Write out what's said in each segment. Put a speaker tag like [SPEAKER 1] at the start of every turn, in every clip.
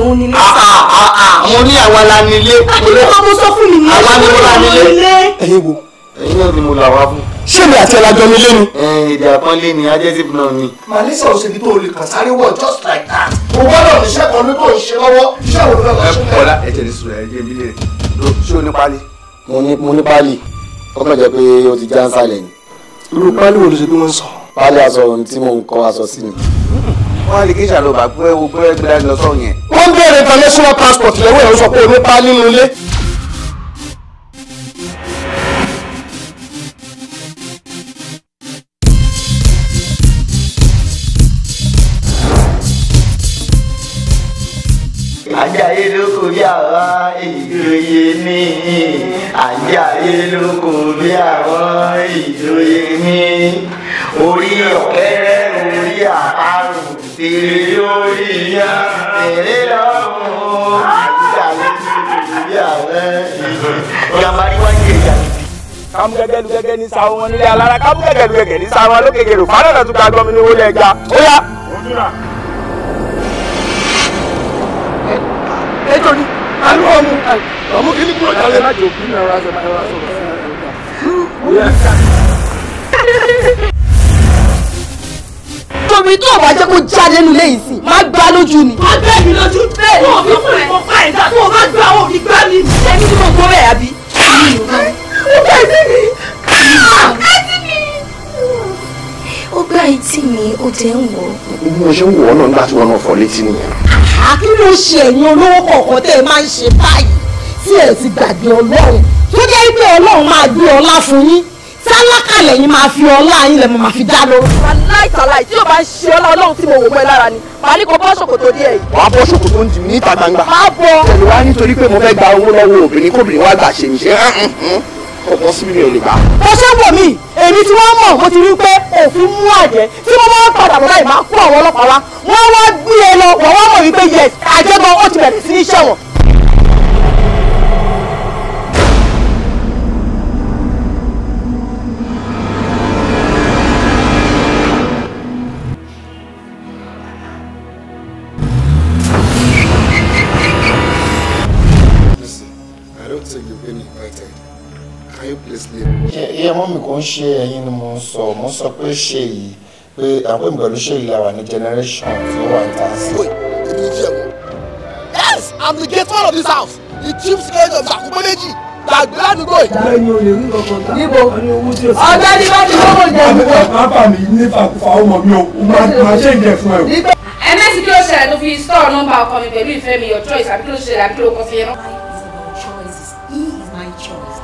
[SPEAKER 1] ọ̀nà òun nílé. àwọn ah, ah, ah, ní àwa la nílé. àkìlẹ̀ kan mo sọ fún mi ní àwa ni mo la nílé. ẹyin wo. ẹyin náà ni mo là wá fún. ṣé mi àti ẹlajọ mi lé ni. èdè àpọ́nlé ni adjective náà ni. màlísà ò ṣèbí tó o lè kàn sáré wọ just like that. o gbọ́dọ̀ níṣẹ́ kan ló tó ń ṣe lọ́wọ́ iṣẹ́ wo ló lọ́ọ́ ṣe lẹ́yìn. ẹ bọ́lá ẹ tẹ̀lé sùn ẹ jẹ́ mi lé ṣé o ní pálí. mo ní pálí ó kàn jẹ́ pé o ti já ń sálẹ̀ ni. irú pálí wo ló ṣe bí wọ́n ń sọ. pálí aṣọ ohun tí mò ń kọ́ aṣọ sí ni. Hmm wọ́n alìkíṣà ló bá pé wo pé ẹgbẹ́ dání lọ sọ́hún yẹn. wọ́n bẹ̀rẹ̀ international passport lọ́wọ́ ẹ̀ ó sọ pé o ní pa nínú ilé. àjàyè ló kò bí àwa ìjòyè ní àjàyè ló kò bí àwa ìjòyè ní orí ọ̀kẹ́rẹ́ orí àná èrè orí ya èrè lọ́rùn àyíkàlẹ̀ ìrírí ààrẹ ìlú. gàmàrí wá ní ẹ̀yà kamugẹgẹlu gẹgẹ ní sáwọn wọn nílé alára kamugẹgẹlu gẹgẹ ní sáwọn alókèkèrò fàdàdà tún ká gbọmí ní wọlé ẹja ó yá. ẹ jọ ni alu ọmú ọmú kìíní kúrò jàlẹ. alájò kìíní ẹ̀rọ aṣọ ẹ̀rọ aṣọ obìnrin tó o bá jẹ́ kó jáde nínú ilé yìí sí máa gbá lójú ni. má gbé mi lójú bẹ́ẹ̀ ni òbí fún ẹ̀ ọ̀pá ẹ̀dá tó o bá gbá àwọn òbí gbá mi. sẹ́mi tí mo gbọ́ bẹ́ẹ̀ àbí. ó gbá etí mi. ó gbá etí mi ó tẹ ń wọ. bí mo ṣe ń wọ̀ ọ́ náà nígbà tí wọ́n náà fọ́ létí nìyẹn. àkí ló ṣe ẹ̀yin olówó kọ̀ọ̀kan tẹ́ ẹ máa ń ṣe báyìí tí ẹ ti gbàgbé ọlọ́run tó jẹ́ pé ọlọ́run máa gbé ọlá fún yín tálákà lẹ́yìn máa fi ọlá yín lẹ́mọ̀ máa fi dá lóru. wàláì tàláì tí o bá ń ṣe ọlá ọlọ́run tí mo wò mọ́ lára ni màá ní kó bọ́ ṣòkòtò díẹ̀ yìí. wàá bọ́ ṣòkòtò ń dì mí níta gbangba. máa bọ. pẹ̀lú wa nítorí pé mo fẹ́ gba owó lọ́wọ́ obìnrin kóbìnrin wa gbà ṣe nìṣẹ́ kọ̀ọ̀kan sí mi ò lè gbà. mo ṣe wò mí èmi tí wọ́n mọ̀ mo ti rí pé òfin mú àjẹ́ tí mo bá padà bọ̀ báyìí máa kó àwọn ọlọ́pàá wa wọ́n wá gbé e lọ wọ́n wá mọ̀ wípé yes àjẹgbọ́n ó ti bẹ̀rẹ̀ sí í ṣẹ̀wọ̀n seriously. iye mọ́ mi kò ń ṣe ẹ̀yin ni mo ń sọ mo ń sọ pé ṣe yìí pé àpò mi pẹ̀lú ṣe yìí la wà ní generation tí ó wà ní tansi. èmi ni jíjẹ wọn. yes i'm the gate man of this house the chief secretary of sakubo méjì gbàgbé ládùúgbò yìí. ìyá ẹni o lè rí kankan ta. níbo ọ̀dọ́ ni bá ti lọ́wọ́ jẹ mi. máa fà mí ní fàkúfà ọmọ mi o máa ṣe ìjẹ fún ẹ o. ms kí ló ṣẹlẹ̀ tó fi store nọ́mbà ọkọ mi pẹ̀lú ìfẹ́ mi your choice àbí kí ló ṣẹlẹ̀ àbí kí ló kọ fi ẹ náà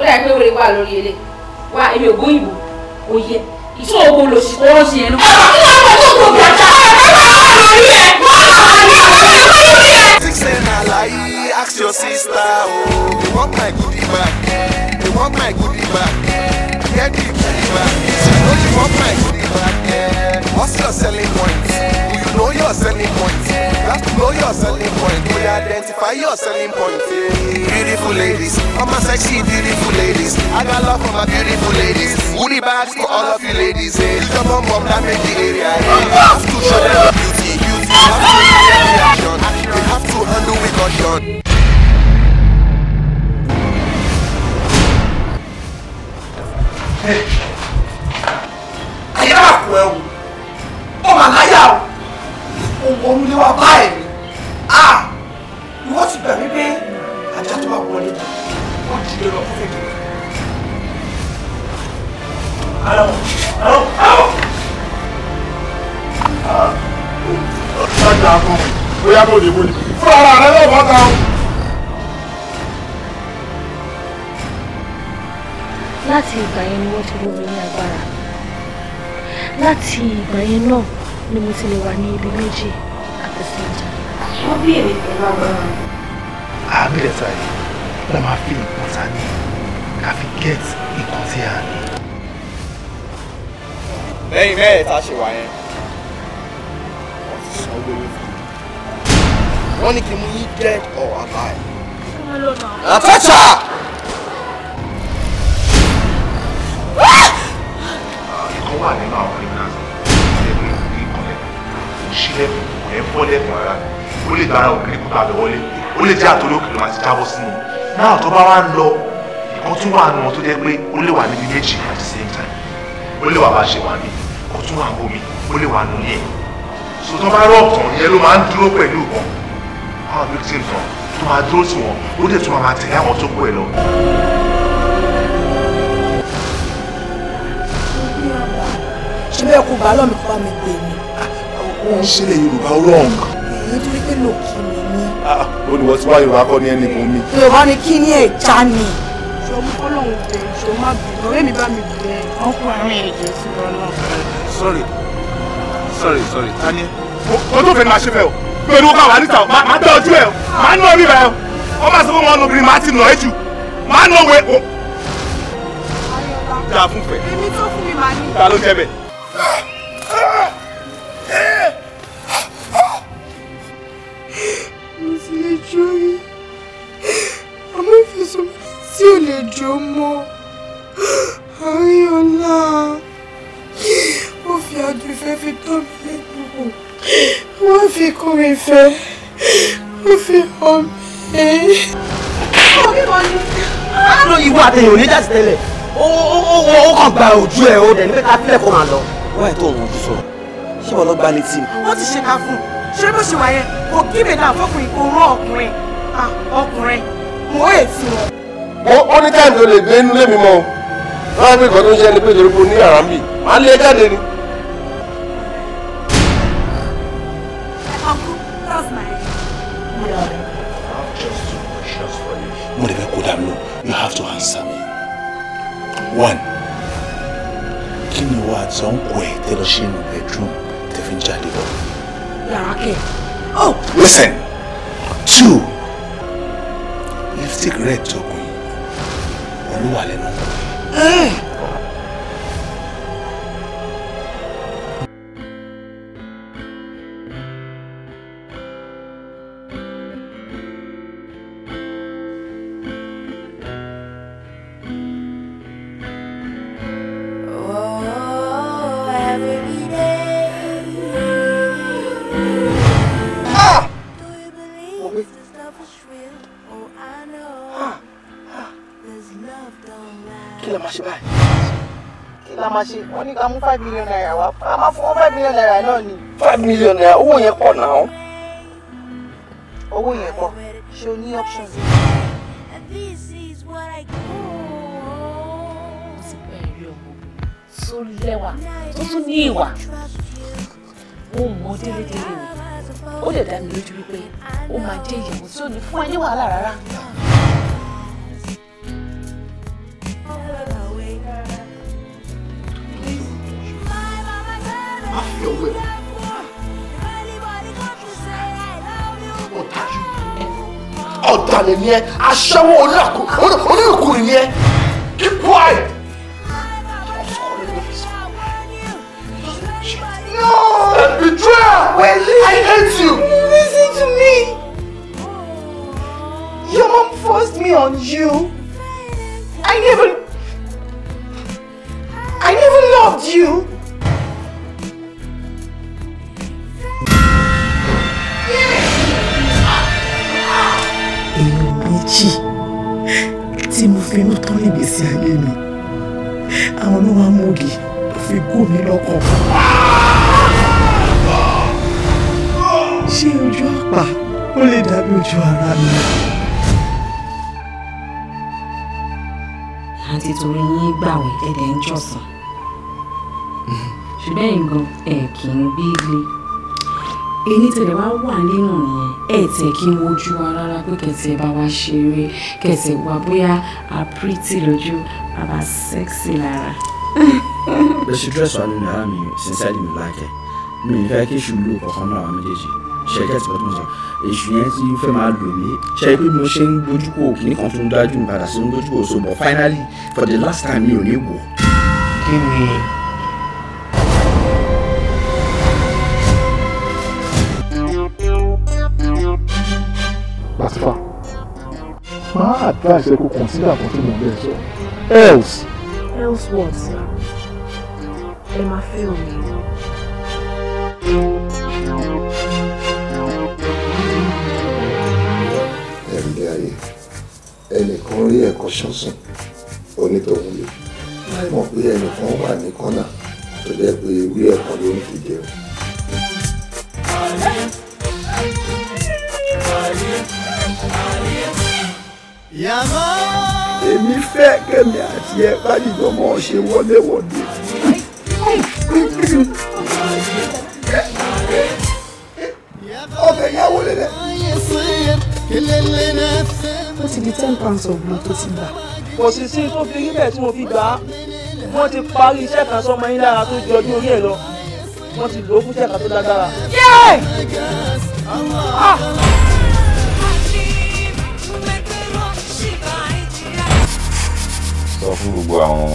[SPEAKER 1] ó dàbí pé wèrè wà lórí eré wá èmi ò gbóyìnbó kò yẹ ìṣó owó lòsì tó ń ṣe yẹn ask your sister oh. they want my goodie bag they want my goodie bag get the goodie bag she you want my goodie bag what's your selling point do you know your selling point. Know your selling point, we identify your selling point. Beautiful ladies, I'm a sexy beautiful ladies. I got love for my beautiful ladies. Woody bags for all of you ladies. Eh. You come on, mom, that make the area. Eh. You have to show them beauty, beauty. You have to show them action. You have to handle with caution. Hey. Àyà àpò a ó Oh my o òun lé wa bá ẹ̀ ah ìwọ ti gbà mí pé ajá tó bá wọlé tán ó ju lè lọ fún fèkè. alo alo alo. ọjà fún mi bóyá kò lè wọlé
[SPEAKER 2] fún ara rẹ lọ́wọ́ ta o.
[SPEAKER 1] láti ìgbà yẹn ni wọ́n ti mú mi ní agbára láti ìgbà yẹn náà ni mo ti lè wà ní ibi méjì wọ́n bí èrè pẹ̀lú agbára. àbílẹ̀ sáyé la máa fi nǹkan ta ní ká fi get nǹkan tí a ní. lẹ́yìn mẹ́ẹ̀ẹ́ta ṣe wà yẹn wọ́n ti san owó ewé eh? fún mi wọ́n ní kí n mú yín dead or alive. Natasha! Ah! Ìkan wà nínú àwọn criminals. Ìṣẹ́lẹ̀ ìkọlẹ̀ ìṣẹ́lẹ̀ ẹ̀ ń fọ́ lẹ́kùn ara ó lè gbára òkèlè kó tàbí wọlé ó lè jẹ́ àtòlé òkèlè máa ti jábọ́ sínú náà tó bá wá ń lọ ìkan tún wà nù wọn tó jẹ́ pé ó lè wà níbi méjì at the same time ó lè wà bá ṣe wà mí kó tún wà bómi ó lè wà nù yẹn so tó bá rọ̀ ọ̀tàn yẹn ló máa ń dúró pẹ̀lú ìbọn àwọn victim kan tó máa dúró sí wọn ó dẹ̀ tún máa tẹ̀lé àwọn tó kú ẹ lọ. ṣé bẹ́ẹ̀ kú bá lọ́mìkú bá mi pè mí wọ́n ń ṣílẹ̀ yorùbá wrong. èyí tó ké lò kí ni mí. Ah, ah, ó ní wọ́n ti wá yorùbá kọ́ ní ẹnì kan mi. yorùbá ni kí ni ẹja ni. ṣọmú kọ́lọ́hún bẹ̀ ṣọmú àbùkù ọ̀rẹ́ mi bá mi bẹ̀ ọkùnrin ẹ̀jẹ̀ sí lọ́nà. sorry sorry sorry tani. o tó fẹ́ máa ṣe fẹ́ o
[SPEAKER 2] pẹ̀lú káwa níta o
[SPEAKER 1] máa dá ojú ẹ o máa ná orí rẹ o wọ́n máa sọ fún wọn lóbìnrin máa ti nà ẹ́ jù máa ná òwe o. ayọ̀lá èmi tó fún mi màá ní. ta ló jẹ bẹ́ẹ̀. tí ò lè jó mọ́ Arínọlá ó fi adùn ìfẹ́ fi tọ́ mi lẹ́nu wò wọ́n fi kún ìfẹ́ ó fi hàn mí. ló ìwọ àtẹ̀yìn ò ní jáde tẹ́lẹ̀ ó kàn gba ojú ẹ̀ ó dẹ̀ ní pẹ́ ká pílẹ̀ kó máa lọ. wọ́n ẹ̀ tó òun ojú sọ ṣé wọn lọ gba létí mi. wọ́n ti ṣe ká fún un ṣé bó ṣe wà yẹn kò kí mẹ́ta fọkùnrin kò rán ọkùnrin ọkùnrin mo èsì wọn ó ní táìmù tó lè gbé inú lémi mọ́ o wọ́n tó ń ṣe ẹni pé ìdòrókò ní yàrá ń máa lé e jáde ni. mo lè fẹ́ kó dànù you have to answer me. one kí ni wàá àti ọ̀nkọ̀ ẹ̀ tẹ́lẹ̀ ṣe inú bedroom tẹ́ fi ń jáde lọ. yàrá kẹ́ oh. listen two lipstick red tó kù olúwa lẹ́nu. la máa ṣe wọ́n ní ká mú five million naira wá a máa fún five million naira náà ni. five million naira owó yẹn pọ̀ náà. owó yẹn pọ̀ ṣé o ní options. tó lẹ́wà tó tún ní ìwà ó mọ délédélé ni ó lè dá mi lójú wípé ó máa jẹ́ ìyàwó tí ò ní fún ẹ ní wàhálà rárá. your will. ọ̀dàlẹ̀ ni ẹ aṣẹ́wó onírùkùnrin ni ẹ keep quiet. No! A I hate you! Listen to me! Your mom forced me on you. I never... I never loved you. finú tán ìgbésí ayé mi àwọn náà wá mọ́gì ló fi gún mi lọ́kàn. ṣé ojú àpá ó lè dàbí ojú ara mi. àǹtí torí yín gbàwé ẹ̀dẹ̀ ń jọ̀sán ṣùgbọ́n ìgbọ̀n ẹ̀ kì í gbé ilé èyí tẹ̀lé wá wà nínú nìyẹn ẹ̀ tẹ̀ kí n wojú wa rárá pé kẹ̀tẹ̀ bá wa ṣeré kẹ̀tẹ̀ wá bóyá a pretty lójú àbá sexy lára. bẹ́ẹ̀ ṣe dírẹ́sì wa nínú ara mi sincerely mi láàkẹ́ mi ò fẹ́ kí èṣù lò kọ̀ọ̀kan náà àwọn méjèèjì ṣe kẹ́tì bọ́tún sọ èṣù yẹn ti fẹ́ máa lò mí ṣe pé mo ṣe ń gbójú kó kìíní kan tó ń dájú mi padà sí ń gbójú kó so but finally for the last time mi ò ní wò. kí ni advise ẹ kò consider kan tí mo bẹ else. else what sir ẹ máa fail mi. ẹ̀rí ayé ẹnìkan rí ẹ̀kọ́ ṣọ̀sán onítọ̀hún lè láì mọ̀ pé ẹnìkan wà ní kọ́nà tó jẹ́ pé ewé ẹ̀kan ló ń fi jẹun. èmi fẹ́ kẹ́mi àti ẹ bá dìgbò mọ́ ọ ṣe wọléwọ̀de. ọbẹ̀ yẹn wọlé dẹ. ó ti di ten pounds ọ̀gbìn tó ti gbà. kò sì sí tó fi rí bẹ́ẹ̀ tí mo fi gbà á wọ́n ti parí iṣẹ́ kan sọ́mọ yín lára tó jọjú orí ẹ̀ lọ wọ́n ti lò ó fún iṣẹ́ kan tó lágbára. yéè. Ah! sọ fún gbogbo àwọn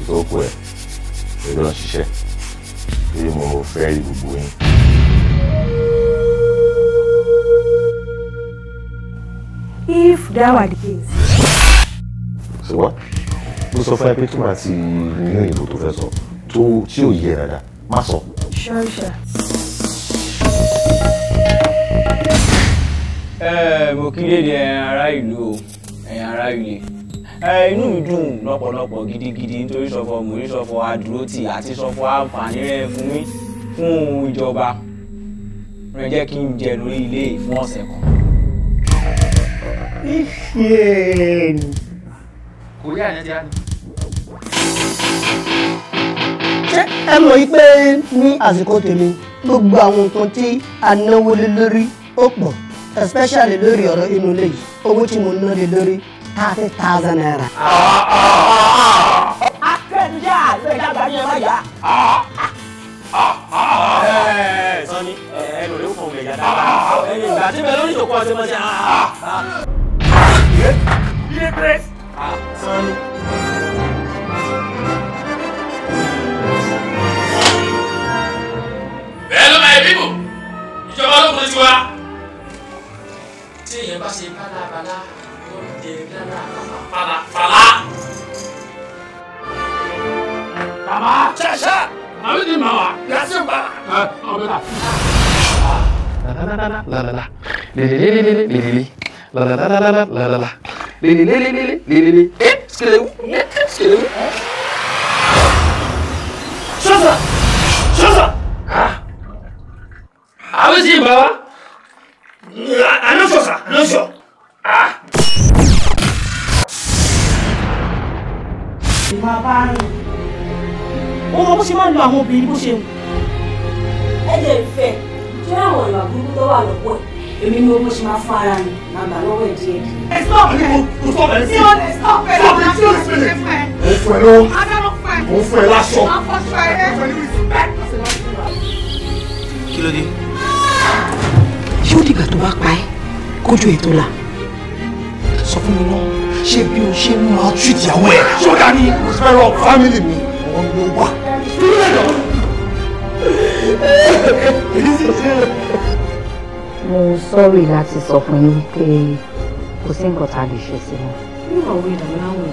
[SPEAKER 1] ìtókù ẹ̀ pé ló ń ṣiṣẹ́ pé mo fẹ́ rí yín. if that were the case. ṣe wá mo sọ fún ẹ pé tó máa ti ní òyìnbó tó fẹ́ sọ tó tí ò yẹ dáadáa má sọ. ṣọ́ọ̀ṣà. Eh, ẹ mo kí léde ẹ̀yin ará ìlú o ẹ̀yin ará ìlú inú mi dùn lọ́pọ̀lọpọ̀ gidigidi nítorí ṣọ̀fọ̀ mòrí ṣọ̀fọ̀ àdúrótì àti ṣọ̀fọ̀ àǹfààní rẹ̀ fún mi fún ìjọba rẹ̀ jẹ́ kí n jẹ lórí ilé fún ọ̀sẹ̀ kan. kò yá ẹ̀ ti á ní. ṣé ẹ mọ̀ yí pé ní àsìkò tèmi gbogbo àwọn nǹkan tí a náwó lé lórí ó pọ̀ especially lórí ọ̀rọ̀ inú ilé yìí owó tí mo ná lé lórí thirty thousand naira. akẹ́njá àgbẹ̀já gbàgbé ẹ̀ má yá. sọ́ni ẹ lórí fún mi yàrá ẹ̀yìn ìgbà tí bẹ́ẹ̀ lórí ìjòkó ọtí mọ́ sí. ilé pẹ́s. sọ́ni. bẹ́ẹ̀ ló máa yẹ bíbù ìjọba ológun ti wá. tí èèyàn bá ṣe bálábàlá. Fala, fala! Baba! Ṣẹṣẹ! Màmí di màmá! Yasi ba! Ẹ ọbẹ̀ la. Lalalala lelelelelelele lalalala lalala lelelelelelele e sikelewu e sikelewu. Sosa! Sosa! A bẹ si baba? A n'o sọ sa, a n'o sọ. máa bá rìn wọn mọ bó ṣe máa ń lo àwọn obìnrin bó ṣe wù. ẹ jẹ́ ìfẹ́ ṣé àwọn ìwà burúkú tó wà lọ́pọ̀ ẹ̀ èmi ni mo ṣe máa fún ara mi máa gbà lọ́wọ́ ẹ̀ díẹ̀ díẹ̀. ẹ stop ẹ mo stop ẹ sí ọ stop ẹ lọ́wọ́ tí o ṣe fún ẹ. mo fún ẹ lọ́wọ́ mo fún ẹ láṣọ. kí ló dé. yóò dìgbà tó bá pa ẹ́ kójú ètò la sọ fún mi náà ṣé bí o ṣe máa tú ìyàwó ẹ ṣọ́dá ni mo fẹ́ rọ fámìlì mi wọn ló wà. mo sọ́rí láti sọ fún yín wípé kò sí nǹkan tá a lè ṣe sí wọn. nígbà wo ìdàgbàsókè